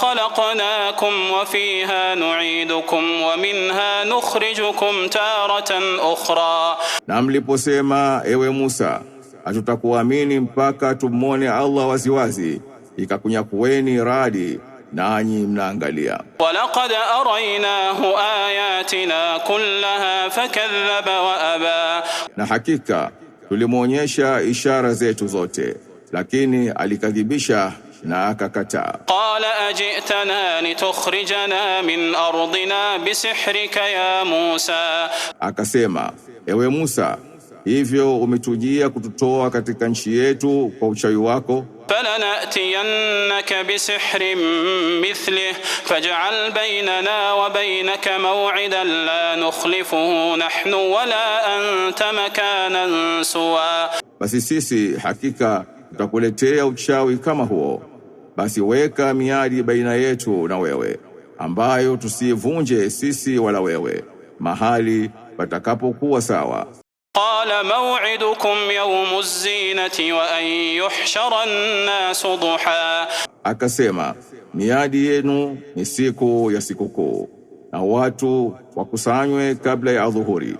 خلقناكم وفيها نعيدكم ومنها نخرجكم تارة أخرى na mliposema ewe Musa hatutakuamini mpaka tumwone Allah waziwazi ikakunyakueni radi nanyi mnaangalia. walaqad araynahu ayatina kullaha fakadhaba wa aba, na hakika tulimwonyesha ishara zetu zote, lakini alikadhibisha na akakataa. Qala ajitana litukhrijana min ardina bisihrika ya Musa, akasema ewe Musa, hivyo umetujia kututoa katika nchi yetu kwa uchawi wako. falanatiyannaka bisihrin mithlih faj'al bainana wa bainaka maw'idan la nukhlifuhu nahnu wala anta makanan suwa, basi sisi hakika tutakuletea uchawi kama huo, basi weka miadi baina yetu na wewe, ambayo tusivunje sisi wala wewe, mahali patakapokuwa sawa. Qala maw'idukum yawmuz zinati wa an yuhshara an nas duha, akasema miadi yenu ni siku ya sikukuu na watu wakusanywe kabla ya adhuhuri.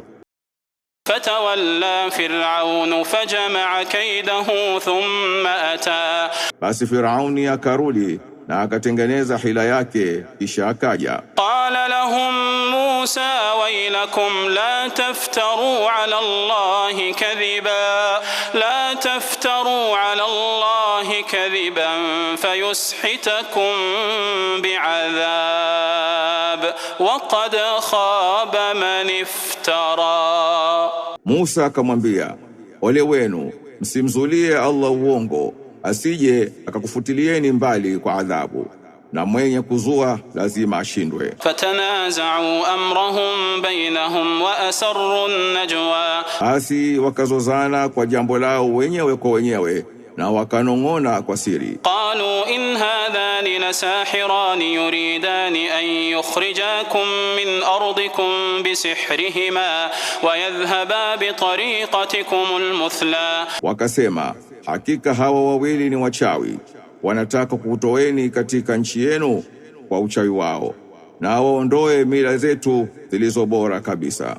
فتولى فرعون فجمع كيده ثم أتى basi Firauni akarudi na akatengeneza hila yake kisha akaja. qala lahum Musa wailakum la taftaru ala Allahi kadhiba la taftaru ala Allahi kadhiban fayushitakum bi'adhab wa qad khaba man iftara Musa akamwambia, ole wenu, msimzulie Allah uongo, asije akakufutilieni mbali kwa adhabu, na mwenye kuzua lazima ashindwe. fatanazau amrahum bainahum wa asarru najwa, basi wakazozana kwa jambo lao wenyewe kwa wenyewe na wakanong'ona kwa siri. Qalu in hadhani lasahirani yuridani an yukhrijakum min ardikum bisihrihima wa yadhhaba bitariqatikum almuthla, wakasema hakika hawa wawili ni wachawi, wanataka kutoweni katika nchi yenu kwa uchawi wao, na waondoe mila zetu zilizo bora kabisa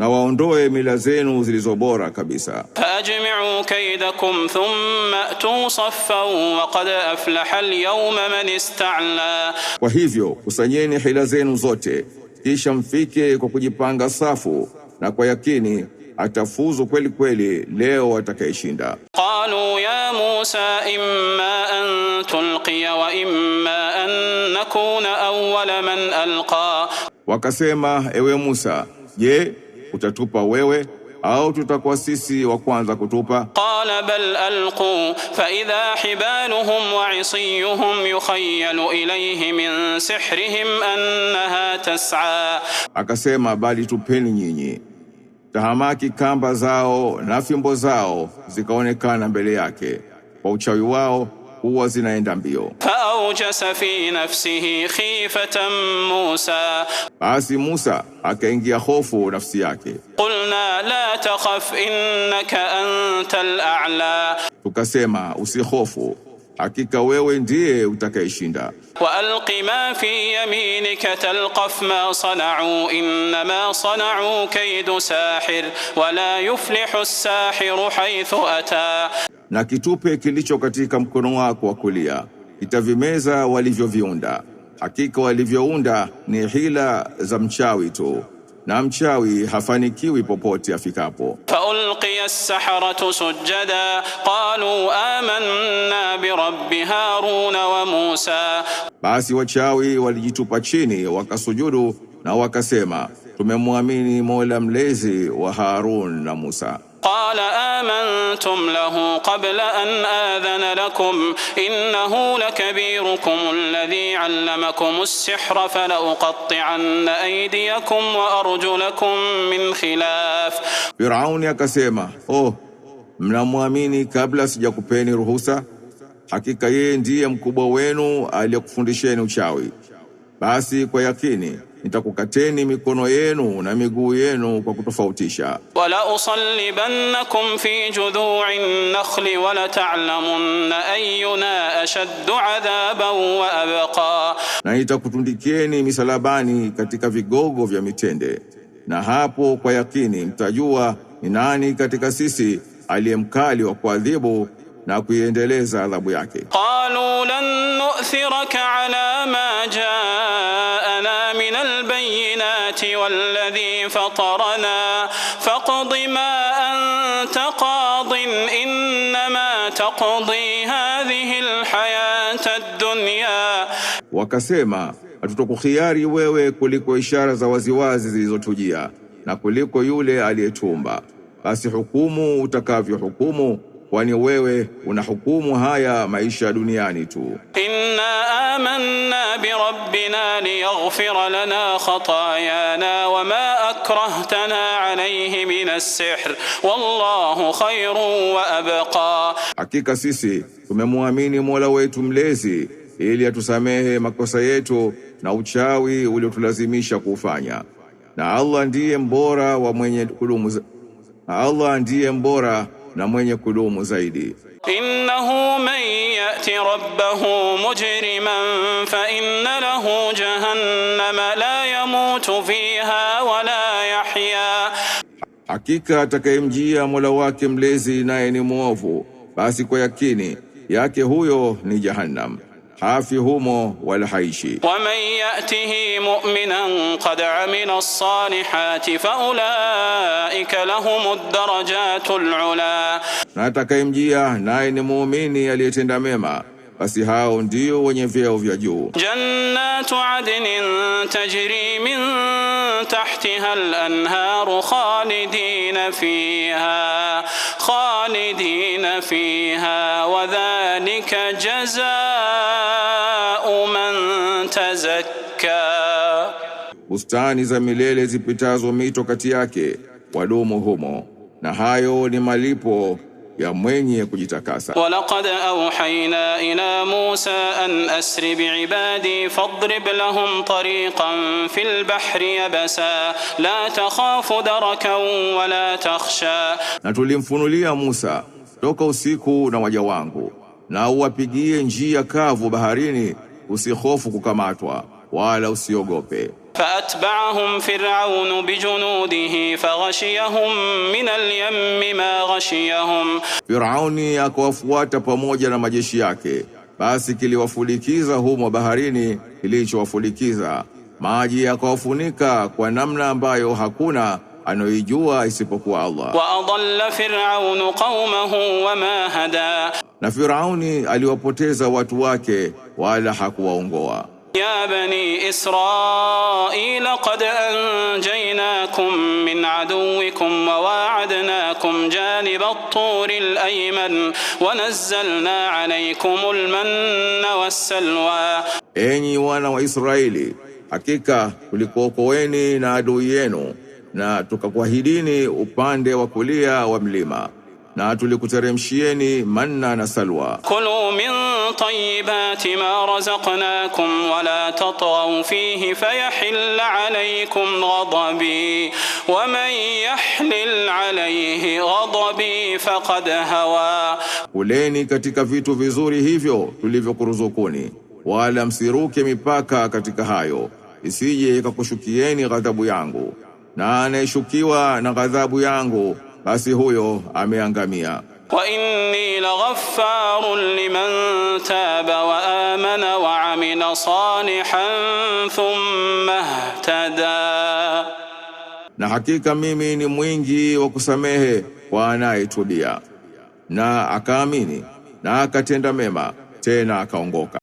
na waondoe mila zenu zilizo bora kabisa. Ajmi'u kaidakum thumma atu saffan wa qad aflaha al man ista'la, kwa hivyo kusanyeni hila zenu zote, kisha mfike kwa kujipanga safu, na kwa yakini atafuzu kweli kweli leo atakayeshinda. Qalu ya Musa imma an tulqiya wa imma an nakuna awwala man alqa, wakasema ewe Musa, je utatupa wewe au tutakuwa sisi wa kwanza kutupa? Qala bal alqu fa idha hibaluhum wa isiyuhum yukhayyalu ilayhi min sihrihim annaha tas'a, akasema bali tupeni nyinyi, tahamaki kamba zao na fimbo zao zikaonekana mbele yake kwa uchawi wao wazinaenda mbio. Faujasa fi nafsihi khifatan Musa, basi Musa akaingia hofu nafsi yake. Qulna la takhaf innaka antal a'la, tukasema usihofu hakika wewe ndiye utakayeshinda. wa alqi ma fi yaminika talqaf ma sana'u innama sana'u kaydu sahir wa la yuflihu as-sahiru haythu ata, na kitupe kilicho katika mkono wako wa kulia, itavimeza walivyoviunda. Hakika walivyounda ni hila za mchawi tu, na mchawi hafanikiwi popote afikapo. faulqiya as-saharatu sujada qalu amanna bi rabbi harun wa musa, basi wachawi walijitupa chini wakasujudu na wakasema, tumemwamini Mola mlezi wa Harun na Musa. قال آمنتم له قبل أن آذن لكم إنه لكبيركم الذي علمكم السحر فلأقطعن أيديكم وأرجلكم من خلاف Firauni akasema oh mnamwamini kabla sijakupeni ruhusa hakika yeye ndiye mkubwa wenu aliyekufundisheni uchawi basi kwa yakini nitakukateni mikono yenu na miguu yenu kwa kutofautisha. wala usallibannakum fi judhui nakhli wa la ta'lamunna ayyuna ashaddu adhaban wa abqa, na nitakutundikieni misalabani katika vigogo vya mitende, na hapo kwa yakini mtajua ni nani katika sisi aliyemkali wa kuadhibu na kuiendeleza adhabu yake. qalu lan nu'thiraka ala ma jaa السماوات والذي فطرنا فاقض ما أنت قاض إنما تقضي هذه الحياة الدنيا wakasema hatutokukhiari wewe kuliko ishara za waziwazi zilizotujia na kuliko yule aliyetumba basi hukumu utakavyohukumu kwani wewe unahukumu haya maisha duniani tu. Inna amanna bi rabbina liyaghfir lana khatayana wama akrahtana alayhi min as-sihr wallahu khayrun wa abqa, hakika sisi tumemwamini Mola wetu mlezi ili atusamehe makosa yetu na uchawi uliotulazimisha kuufanya, na Allah ndiye mbora wa mwenye kudumu. Allah ndiye mbora na mwenye kudumu zaidi. Innahu man yati rabbahu mujriman fa inna lahu jahannama la yamutu fiha wa la yahya, hakika atakayemjia Mola wake mlezi naye ni mwovu, basi kwa yakini yake huyo ni Jahannam hafi humo wala haishi. wa man yatihi mu'minan qad amila as-salihati fa ulaika lahumud darajatul ula, na atakayemjia naye ni muumini aliyetenda mema basi hao ndio wenye vyeo vya juu. Jannatu adnin tajri min tahtiha al-anharu khalidina fiha khalidina fiha wa dhalika jazaa zakka, bustani za milele zipitazo mito kati yake wadumu humo, na hayo ni malipo ya mwenye kujitakasa. laqad awhayna ila Musa an asri bi ibadi fadrib lahum tariqan fil bahri yabasa la takhafu darakan wa la takhsha, na tulimfunulia Musa toka usiku na waja wangu, na uwapigie njia kavu baharini usihofu kukamatwa wala usiogope. Faatbaahum Firaunu bijunudihi faghashiyahum min alyammi ma ghashiyahum, Firauni akawafuata pamoja na majeshi yake, basi kiliwafulikiza humo baharini kilichowafulikiza, maji yakawafunika kwa namna ambayo hakuna anayoijua isipokuwa Allah. Wa adalla Firaunu qaumahu wama hada, na Firauni aliwapoteza watu wake wala hakuwaongoa. Ya bani Israil qad anjaynakum min aduwikum wa wa'adnakum janib at-tur al-ayman wa nazzalna alaykum al-manna was-salwa, enyi wana wa Israeli, hakika tulikuokoeni na adui yenu na tukakuahidini upande wa kulia wa mlima na tulikuteremshieni manna na salwa. Kulu min tayyibati ma razaqnakum wa la tatghaw fihi fayahilla alaykum ghadabi wa man yahlil alayhi ghadabi faqad hawa, kuleni katika vitu vizuri hivyo tulivyokuruzukuni, wala msiruke mipaka katika hayo, isije ikakushukieni ghadhabu yangu, na anayeshukiwa na ghadhabu yangu basi huyo ameangamia. wa inni laghaffarun liman taba wa amana wa amila salihan thumma ihtada, na hakika mimi ni mwingi wa kusamehe kwa anayetubia na akaamini na akatenda mema tena akaongoka.